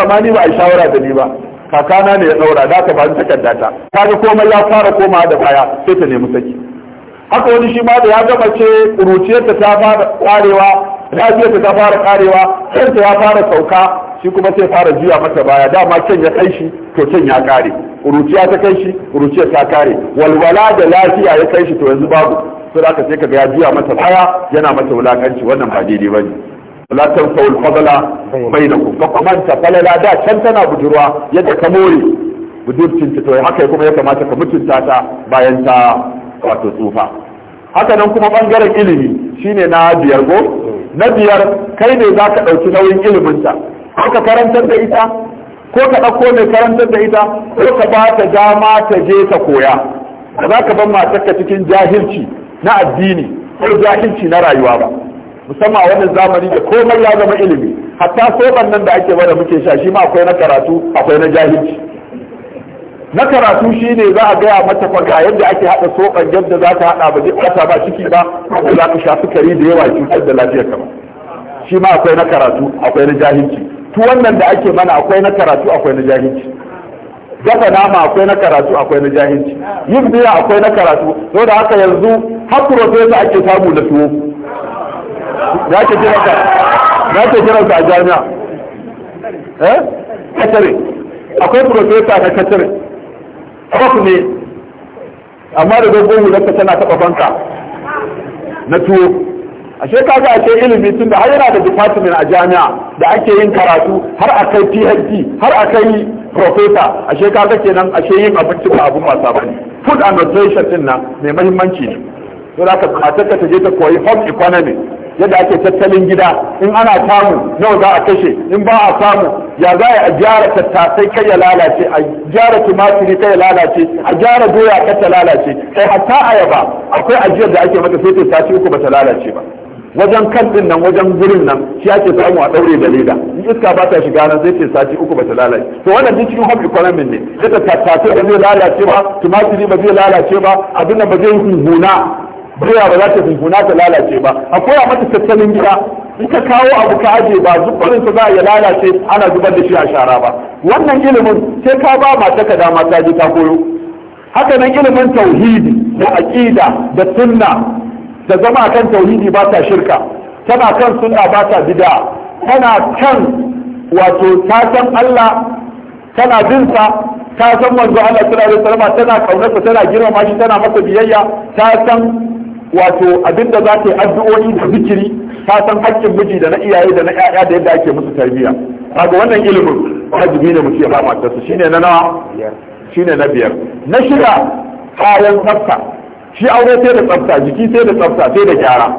amma ni ba a shawara da ni ba kakana ne ya daura da ka bani takarda ta kaga komai ya fara koma da baya sai ta nemi saki haka wani shi ma da ya gama ce ƙuruciyarta ta fara karewa lafiyarta ta fara karewa kanta ya fara sauka shi kuma sai fara juya mata baya dama kyan ya kai shi to kyan ya kare kuruciya ta kai shi kuruciya ta kare walwala da lafiya ya kai shi to yanzu babu sai ka sai ka ga ya juya mata baya yana mata wulakanci wannan ba daidai ba ne. la tansawul fadla bainakum ka kamanta falala da can tana budurwa yadda ka more budurcin ta to haka kuma ya kamata ka mutunta ta bayan ta wato tsufa haka nan kuma bangaren ilimi shine na biyar go hmm. na biyar kai ne zaka ka ɗauki nauyin ilimin ko ka karantar da ita ko ka ɗauko mai karantar da ita ko ka ba ta dama ta je ta koya ba za ka ban matarka cikin jahilci na addini ko jahilci na rayuwa ba musamman a wannan zamani da komai ya zama ilimi hatta soban nan da ake mana muke sha shi ma akwai na karatu akwai na jahilci na karatu shi ne za a gaya mata fa ga yadda ake haɗa soban yadda za ta haɗa ba zai ɓata ba ciki ba ko za ka shafi kari da yawa cutar da lafiyar ka ba shi ma akwai na karatu akwai na jahilci tu wannan da ake mana akwai na karatu akwai na jahilci dafa nama akwai na karatu akwai na jahilci yin biya akwai na karatu saboda haka yanzu har profesa ake samu da tuwo za ka kira ka za ka a jami'a
eh katare akwai
profesa na katare prof ne amma da dogon hularka tana taɓa banka na tuwo ashe kaga a ce ilimi tun da har yana da department a jami'a da ake yin karatu har a kai phd har a kai ka ashe kaga kenan ashe yin abinci ba abun wasa bane food and nutrition din nan mai muhimmanci ne to da ka bukatar ka ta je ta koyi home economy yadda ake tattalin gida in ana samu nawa za a kashe in ba a samu ya za a gyara tattasai kai ya lalace a gyara tumatiri kai ya lalace a gyara doya kai ta lalace kai hatta ayaba akwai ajiyar da ake mata sai ta ci uku ba ta lalace ba wajen kan din nan wajen gurin nan shi ake samu a daure da leda in iska ba ta shiga nan sai ce sati uku ba ta lalace to wannan duk cikin home economy ne sai ta tattace ba zai lalace ba tumatiri ba zai lalace ba abin nan ba zai huna. doya ba za ta zunguna ta lalace ba a koya mata tattalin gida in ka kawo abu ka aje ba zubarin ta za a ya lalace ana zubar da shi a shara ba wannan ilimin sai ka ba mata ka dama ta je ta koyo haka nan ilimin tauhidi da aqida da sunna da zama kan tauhidi ba ta shirka tana kan sunna ba ta bid'a tana kan wato ta san Allah tana sa ta san manzo Allah sallallahu alaihi wasallam tana kaunarsa tana girmama shi tana masa biyayya ta san wato abinda za ta yi addu'o'i da zikiri ta san haƙƙin miji da na iyaye da na ƴaƴa da yadda ake musu tarbiyya kaga wannan ilimin wajibi ne mutum ya ba su shine na nawa shine na biyar na shida kayan tsafta shi aure sai da tsafta jiki sai da tsafta sai da gyara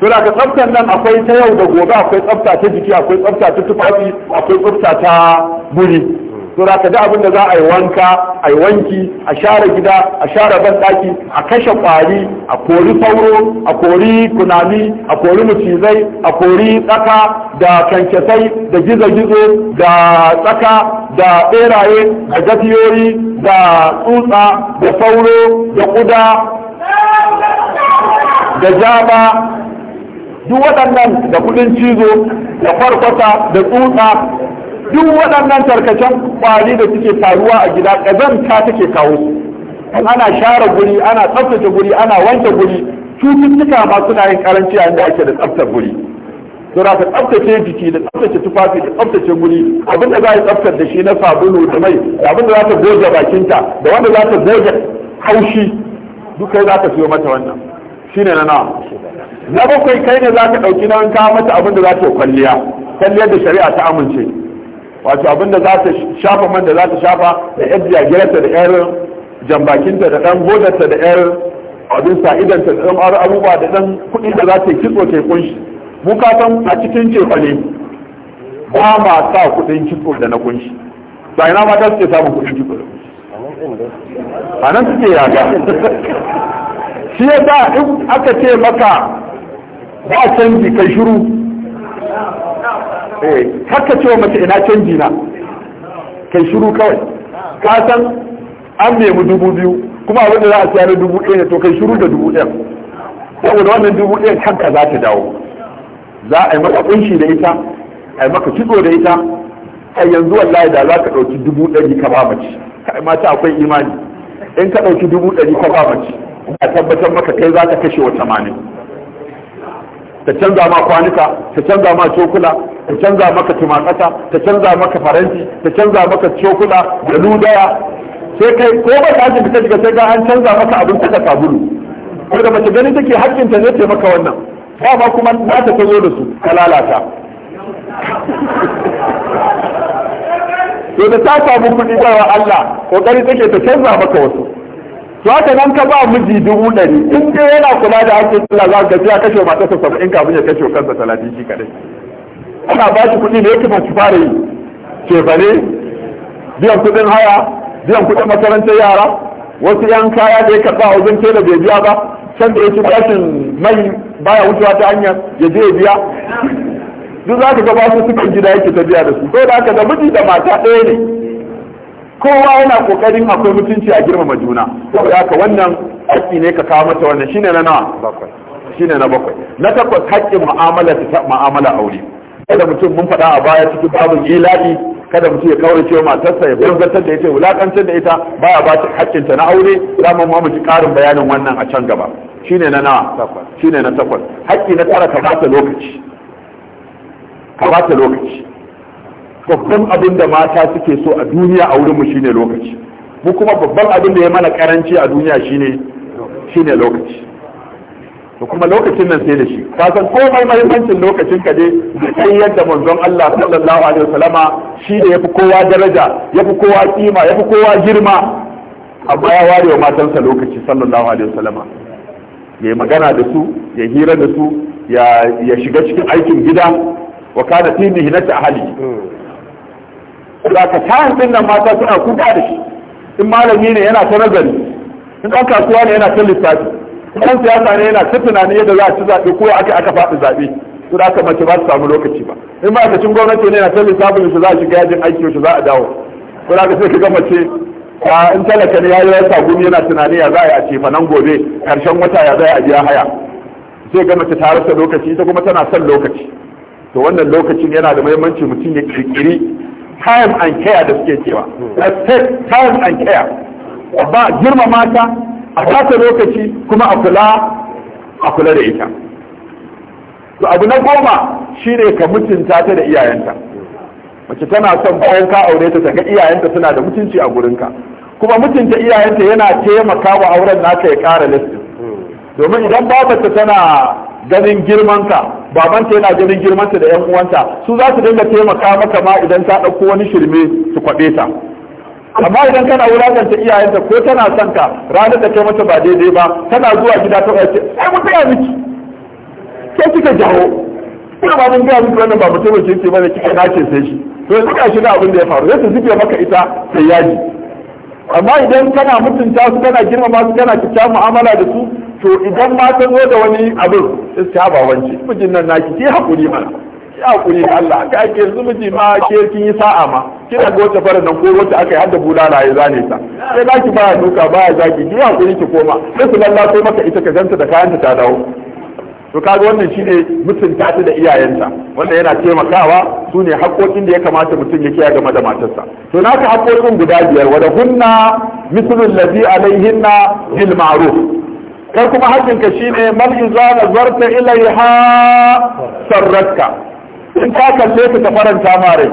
to da ka tsaftan nan akwai ta yau da gobe akwai tsafta ta jiki akwai tsafta ta tufafi akwai tsafta ta buri tura da ka da abin da za a yi wanka a yi wanki a share gida a share banɗaki a kashe ƙwari a kori sauro a kori kunami a kori mucizai a kori tsaka da kankesai da gizo-gizo da tsaka da ɓeraye da gafiyoyi da tsutsa da sauro da ƙuda da jaba duk waɗannan da kudin cizo da farfasa da tsutsa duk waɗannan tarkacen ƙwari da suke taruwa a gida ƙazanta take kawo su ana share guri ana tsaftace guri ana wanke guri cututtuka ma suna yin karanci a inda ake da tsaftar guri to ka tsaftace jiki da tsaftace tufafi da tsaftace guri abin da za a tsaftar da shi na sabulu da mai da abin da za ta goge bakinta da wanda za ta goge haushi duk kai za ka siyo mata wannan shine na nawa na bakwai kai ne za ka ɗauki na ka mata abin da za ta kwalliya kwalliyar da shari'a ta amince wato abin da za ta shafa man da za ta shafa da yar jagirarta da yar jambakinta da ɗan godarta da yar abin sa'idanta da ɗan abubuwa da ɗan kuɗi da za ta yi kitso ta kunshi mu ka san a cikin cefa ne ba ma sa kuɗin kitso da na kunshi ba ina ta suke samun kuɗin kitso da
kunshi a nan suke yaga shi ya sa in aka ce maka ba canji kai shiru Eh, haka cewa mace ina canji
na kai shiru kawai ka san an nemi dubu biyu kuma abin da za a siya na dubu ɗaya to kai shiru da dubu ɗaya saboda wannan dubu ɗaya kanka za ta dawo za a yi maka kunshi da ita a yi maka kitso da ita a yanzu wallahi da za ka ɗauki dubu ɗari ka ba mace kai mata akwai imani in ka ɗauki dubu ɗari ka ba mace a tabbatar maka kai za ka kashe wa tamanin ta canza ma kwanuka ta canza ma cokula ta canza maka tumakata ta canza maka faranti ta canza maka cokula da ludaya sai kai ko ba ka ji ka daga sai ga an canza maka abin kuka sabulu ko da mace gani take hakkin ta ne ta maka wannan ba ma kuma na ta zo da su ka lalata
to da ta samu kuɗi wa
Allah kokari take ta canza maka wasu to haka nan ka ba miji dubu ɗari in dai yana kula da hakkin Allah za ka ga kashe matarsa 70 kafin ya kashe kansa 30 shi kadai ana ba shi kuɗi ne ya ki fara yi cefane biyan kuɗin haya biyan kuɗin makarantar yara wasu yan kaya da ya karɓa a wajen da bai biya ba can da ya ci bashin mai baya wucewa ta hanyar ya je ya biya duk za ka gaba su sukan gida yake ta biya da su ko da haka da miji da mata ɗaya ne kowa yana kokarin akwai mutunci a girmama juna da haka wannan haƙƙi ne ka kawo mata wannan shine na nawa shine na bakwai na takwas haƙƙin mu'amala ta mu'amala aure kada mutum mun faɗa a baya cikin babin ila'i kada mutum ya kawai cewa matarsa ya banzantar da ita wulakancin da ita baya ba ta haƙƙinta na aure za mu ma mu ji ƙarin bayanin wannan a can gaba shine na nawa shine na takwas haƙƙi na tara ka bata lokaci ka bata lokaci babban abin da mata suke so a duniya a wurin mu shine lokaci mu kuma babban abin da ya mana karanci a duniya shine shine lokaci to kuma lokacin nan sai da shi ka san komai mahimmancin lokacin ka dai kai yadda manzon Allah sallallahu alaihi wasallama shi da yafi kowa daraja yafi kowa kima yafi kowa girma amma ya ware wa matansa lokaci sallallahu alaihi wasallama ya magana da su ya hira da su ya ya shiga cikin aikin gida wa kana fi mihnati ahli da ka tayin din nan mata suna kuka da shi in malami ne yana ta nazari in ɗan kasuwa ne yana ta lissafi ɗan siyasa ne yana ta tunani yadda za a ci zaɓe ko aka aka faɗi zaɓe to da aka mace ba su samu lokaci ba in ma'aikacin gwamnati ne yana ta lissafin shi za a shiga yajin aiki yaushe za a dawo ko da aka sai ka ga mace a in talaka ne ya yi rasa gumi yana tunani ya za a yi a cefa nan gobe karshen wata ya za a biya haya sai ga mace ta rasa lokaci ita kuma tana son lokaci to wannan lokacin yana da muhimmanci mutum ya kirkiri time and care da suke cewa time and care ba girma mata. a kasa lokaci kuma a kula a kula da ita to abu na goma shine ka mutunta ta da iyayenta mace tana son bayan ka aure ta ta ga iyayenta suna da mutunci a gurinka kuma mutunta iyayenta yana taimaka wa auren naka ya ƙara listin domin idan babarta tana ganin girmanka babanta yana ganin girmanta da yan uwanta su za su dinga taimaka maka ma idan ta ɗauko wani shirme su kwaɓe ta amma idan kana wulakanta iyayenta ko tana son ka ranar da kai mata ba daidai ba tana zuwa gida ta ƙarshe ai mun gaya miki ke kika jawo kuma ba mun gaya miki wannan ba mutum ce ce bane kika nace sai shi to yanzu ka shi abin da ya faru sai su zube maka ita sai yaji amma idan kana mutunta su kana girmama su kana kyakkyawan mu'amala da su to idan ma ta zo da wani abin iska ta ba wance mijin nan naki ke hakuri mana ya kuri da Allah aka ake ma ke kin yi sa'a ma kina ga wata fara nan ko wata aka yi hadda bulala ya zane ta sai zaki baya duka baya zaki ki ya kuri ki koma sai su lallato maka ita ka ganta da kayanta ta dawo to kaga wannan shine mutunta ta da iyayenta wanda yana taimakawa su ne haƙoƙin da ya kamata mutum ya kiyaye game da matarsa to naka haƙoƙin guda biyar wa da hunna mislul ladhi alaihinna bil ma'ruf kai kuma haƙinka shine mal izana zarta ilaiha sarratka in ka kalle ka ka faranta ma rai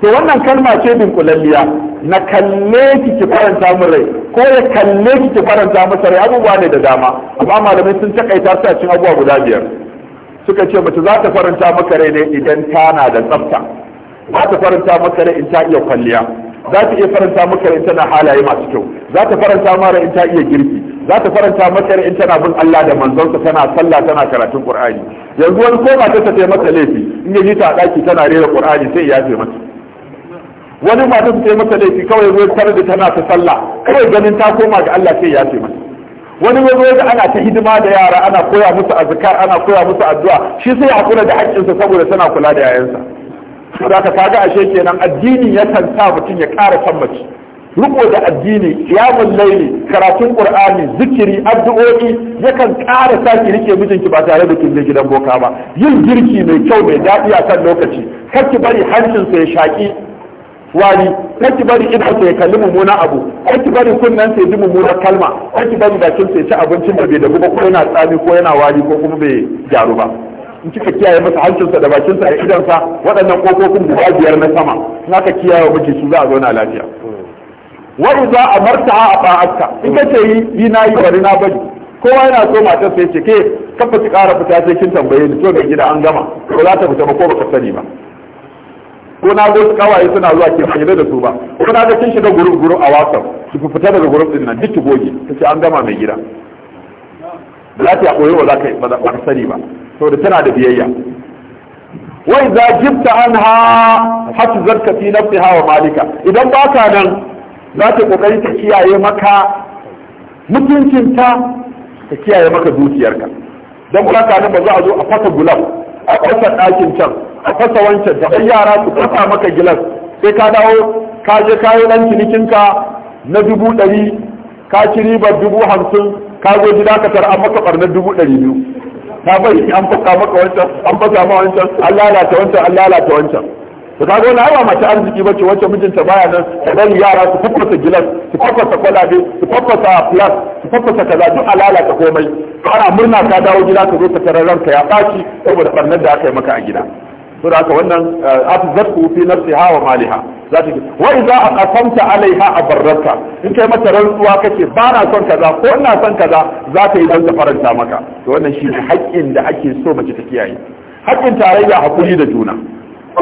to wannan kalma ce kulalliya na kalle ki ki faranta mu rai ko ya kalle ki ki faranta masa rai abubuwa ne da dama amma malamai sun takaita su a abubuwa guda biyar suka ce mace za ta faranta maka rai ne idan tana da tsafta za ta faranta maka rai in ta iya kwalliya za ta iya faranta maka rai in tana halaye masu kyau za ta faranta mara in ta iya girki za ta faranta maka rai in tana bin Allah da manzonsa tana sallah tana karatun Qur'ani yanzu wani ko ba ta ta masa laifi in ya ji ta daki tana rera qur'ani sai ya je mata wani mata su masa laifi kawai zai tar da tana ta sallah kawai ganin ta koma ga Allah sai ya ce mata wani wani ga ana ta hidima da yara ana koya musu azkar ana koya musu addu'a shi sai ya hakura da haƙƙinsa saboda tana kula da yayansa saboda ka kaga ashe kenan addini ya sa mutum ya ƙara tabbaci riko da addini qiyamul layli karatun qur'ani zikiri addu'o'i yakan ƙara saki rike mijinki ba tare da kin je gidan boka ba yin girki mai kyau mai daɗi a kan lokaci kar ki bari hancin sa ya shaki wani kar ki bari idan sa ya kalli mummunan abu kar ki bari kunnan sa ya ji mummunan kalma kar ki bari bakin sa ya ci abincin da bai da ba ko yana tsami ko yana wari ko kuma bai gyaru ba in kika kiyaye masa hancinsa da bakinsa da idansa waɗannan ƙofofin guda biyar na sama in aka kiyaye miji su za a zauna lafiya wa idza amarta a ba'atka in kace yi yi nayi bari na bari kowa yana so matar sai ce ke kafa ki ƙara fita sai kin tambaye ni to ga gida an gama ko za ta fita ba ko ka sani ba ko na go kawaye suna zuwa ke fahimta da su ba ko na ga kin shiga guru guru a wasan su fita daga guru din nan duk goge ta ce an gama mai gida za ta koyo ba za ka ba ka sani ba da tana da biyayya wai za jibta anha hatta zarka fi nafsiha wa malika idan baka nan za ta kokari ta kiyaye maka mutuncinta ta kiyaye maka dukiyarka don kula ka ba za a zo a fasa gulab a fasa ɗakin can a fasa wancan da yara su fasa maka gilas sai ka dawo ka je kayo ɗan cinikinka na dubu ɗari ka ci ribar dubu hamsin ka zo gida ka tara an maka ɓarnar dubu ɗari biyu ta bai an fasa maka wancan an fasa ma wancan an lalata wancan an lalata wancan to kaga wani hawa mace arziki bace wacce mijinta baya nan ta bari yara su fafasa gilas su fafasa kwalabe su fafasa flas su fafasa kaza duk alalata lalata komai ana murna ka dawo gida ka zo ka tarar ranka ya baci saboda barnar da aka yi maka a gida to da haka wannan eh, afzatu fi nafsiha wa maliha zata ki wa idza aqsamta alaiha abarraka in kai mata rantsuwa kace ba na son kaza ko ina son kaza za ta yi dan ta faranta maka to wannan shi ne haƙƙin da ake so mace ta kiyaye haƙƙin tarayya hakuri da juna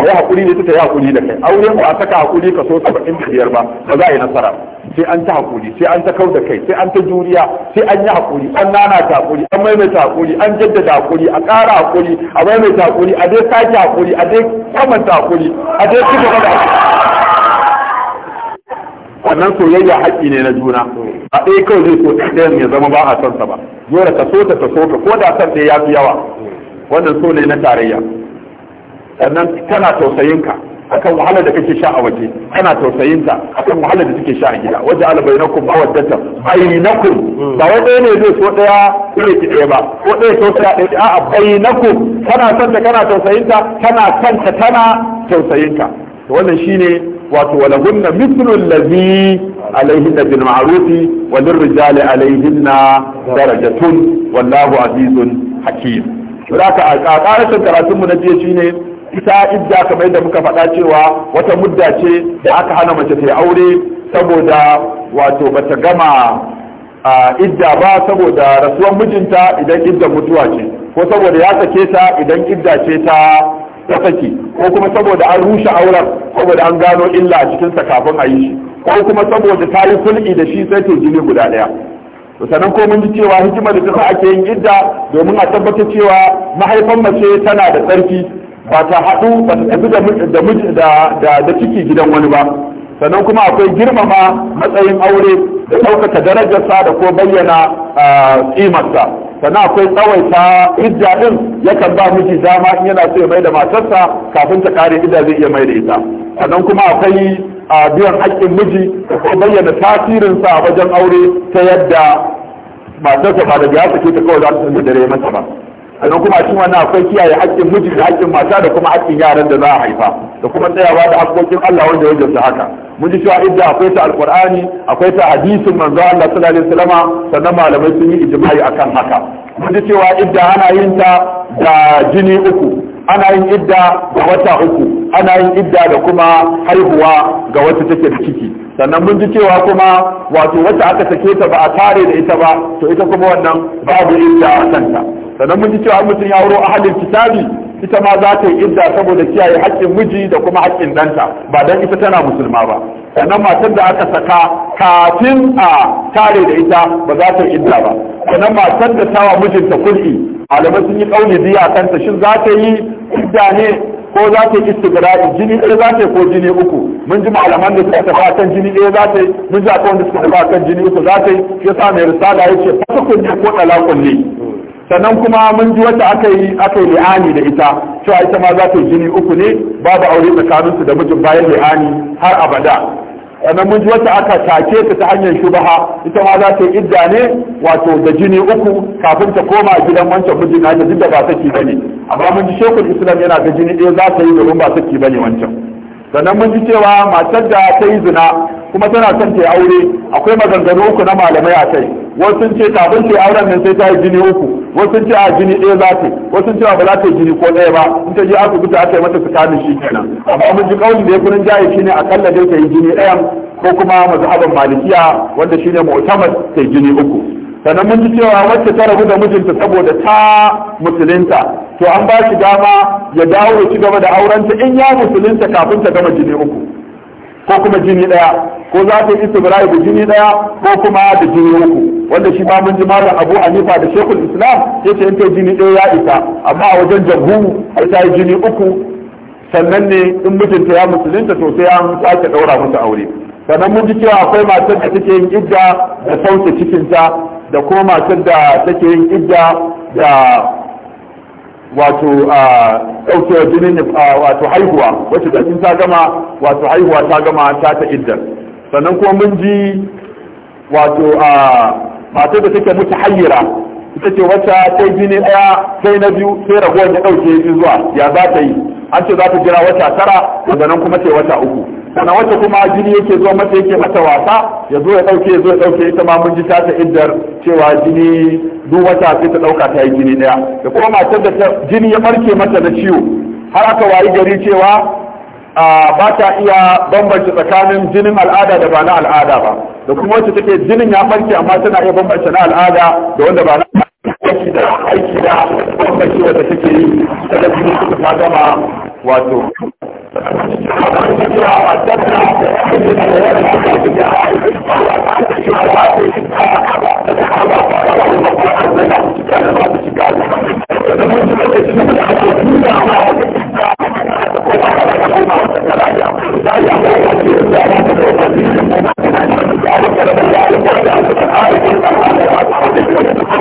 ya hakuri ne ta yi hakuri da kai aure ba a saka hakuri kaso 75 ba ba za a yi nasara sai an ta hakuri sai an ta kau da kai sai an ta juriya sai an yi hakuri an nana ta hakuri an maimaita hakuri an jaddada hakuri a kara hakuri a maimaita hakuri a dai sake hakuri a dai kamanta hakuri a dai ci gaba da wannan soyayya haƙƙi ne na juna a ɗaya kawai zai so ɗayan ya zama ba a son sa ba dole ka so ta ta so ka ko da son ɗaya ya fi yawa wannan so ne na tarayya sannan tana tausayinka akan wahalar da kake sha a waje kana tausayinta akan wahalar da take sha a gida waje ala bainakum mawaddata bainakum ba wai ɗaya ne zai so ɗaya kure ki ɗaya ba ko ɗaya so ɗaya ɗaya a bainakum kana son ta kana tausayinta kana son ta tana tausayinta to wannan shine wato walahunna mithlu allazi alaihinna bil ma'rufi wa lirrijali alaihinna darajatun wallahu azizun hakim. Zaka a ƙarashin karatunmu na jiya shine ita idda kamar yadda muka faɗa cewa wata mudda ce da aka hana mace ta yi aure saboda wato bata gama idda ba saboda rasuwar mijinta idan idda mutuwa ce ko saboda ya sake ta idan idda ce ta ta ko kuma saboda an rushe auren saboda an gano illa a cikin sa kafin a yi shi ko kuma saboda ta yi da shi sai ta jini guda ɗaya sannan ko mun ji cewa hikimar da ta ake yin idda domin a tabbatar cewa mahaifan mace tana da tsarki ba ta haɗu ba ta tafi da da ciki gidan wani ba sannan kuma akwai girmama matsayin aure da ɗaukaka darajarsa da ko bayyana tsimarsa sannan akwai tsawaita hijja ɗin yakan ba miji dama in yana so ya mai da matarsa kafin ta kare idda zai iya mai da ita sannan kuma akwai biyan haƙƙin miji da ko bayyana tasirinsa a wajen aure ta yadda matarsa ba da ya sake ta kawai za ta san da dare masa ba sannan kuma cikin wannan akwai kiyaye haƙƙin miji da haƙƙin mata da kuma haƙƙin yaran da za a haifa da kuma tsayawa da haƙƙoƙin Allah wanda ya jinsu haka mun ji cewa idda akwai ta alqur'ani akwai ta hadisin manzo Allah sallallahu alaihi sannan malamai sun yi ijma'i akan haka mun ji cewa idda ana yin ta da jini uku ana yin idda da wata uku ana yin idda da kuma haihuwa ga wata take da ciki sannan mun ji cewa kuma wato wata aka sake ta ba a tare da ita ba to ita kuma wannan babu idda a kanta sanan mun ji cewa mutum ya a halin kitabi ita ma za ta yi idda saboda kiyaye haƙƙin miji da kuma haƙƙin ɗanta ba dan ita tana musulma ba sannan matar da aka saka kafin a tare da ita ba za ta yi idda ba sannan matar da tawa mijinta kul'i malamai sun yi ƙauni biya kanta shin za ta yi idda ne ko za ta yi istibra'i jini ɗaya za ta yi ko jini uku mun ji malaman da suka tafi kan jini ɗaya za ta yi mun ji akwai wanda suka tafi kan jini uku za ta yi shi yasa mai risala ya ce fasakun ne ko ɗalakun ne sannan kuma mun ji wata aka yi aka yi li'ani da ita cewa ita ma za ta jini uku ne babu aure tsakaninsu da mijin bayan li'ani har abada sannan mun ji wata aka take ta ta hanyar shubaha ita ma za ta yi idda ne wato da jini uku kafin ta koma gidan wancan mijin na duk da ba saki bane amma mun ji shekul islam yana da jini ɗaya za ta yi domin ba saki bane wancan sannan mun ji cewa matar da ta yi zina kuma tana son ta yi aure akwai maganganu uku na malamai a kai wasu sun ce kafin ta auren nan sai ta yi jini uku wasu sun ce a jini ɗaya za ta wasu sun ce ba za ta yi jini ko ɗaya ba in ta je asibiti aka yi mata sukani shi kenan amma mun ji kawai da ya kunin jaye ne akalla dai ta yi jini ɗayan ko kuma mazhaban malikiya wanda shi ne mu'tamad ta yi jini uku sannan mun ji cewa wacce ta rabu da mijinta saboda ta musulunta to an ba shi dama ya dawo ya ci gaba da aurenta in ya musulunta kafin ta gama jini uku ko kuma jini ɗaya, ko za ta yi istibra'i da jini daya ko kuma da jini uku wanda shi ma mun ji malam Abu Hanifa da Sheikhul Islam yace in ta jini daya ya isa amma a wajen jamhu ai ta yi jini uku sannan ne in mijinta ya musulunta to sai an sake daura masa aure sannan mun ji cewa akwai matar da take yin idda da sauke cikinta da kuma matar da take yin idda da wato a ɗaukewar jinin wato haihuwa wacce da ta gama wato haihuwa ta gama ta ta idda sannan kuma mun ji wato a matar da take mutu hayyira ita ce wacce ta jini ɗaya sai na biyu sai ragowar ta ɗauke zuwa ya za ta yi an ce za ta jira wata tara daga nan kuma ce wata uku sannan wata kuma jini yake zo mata yake mata wasa ya zo ya dauke ya zo ya dauke ita ma mun ji ta ta iddar cewa jini duk wata sai ta dauka ta yi jini daya da kuma matar da jini ya barke mata na ciwo har aka wayi gari cewa ba ta iya bambance tsakanin jinin al'ada da ba na al'ada ba da kuma wacce take jinin ya barke amma tana iya bambance na al'ada da wanda ba na al'ada. aiki da aiki da gwamnati wadda take yi ta da kuma suka ta gama wato
Thank you.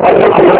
¡Gracias!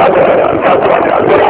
Allah Allah da, Allah Allah Allah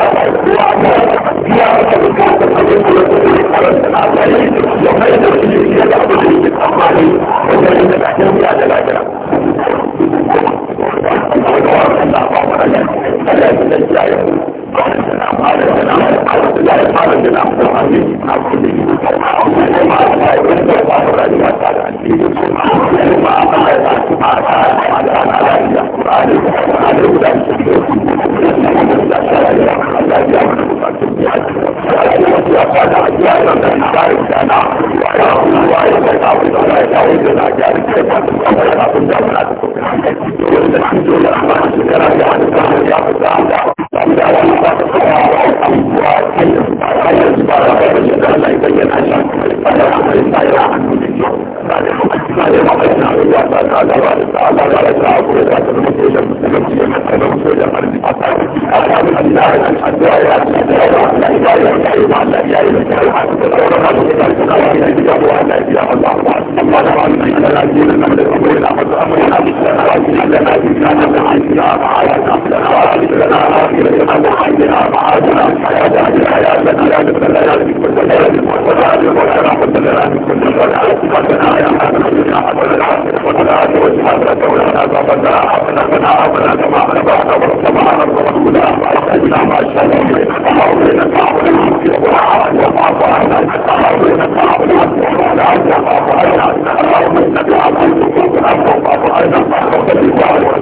لنا جاري كيف الله يا رب الله ولا تكون الحمد لله الرحمن الرحيم يا رب يا رب يا رب Thank you. واشهد ان عنا اللهم انك عفو تحب العفو فاعف عنا اللهم انك عفو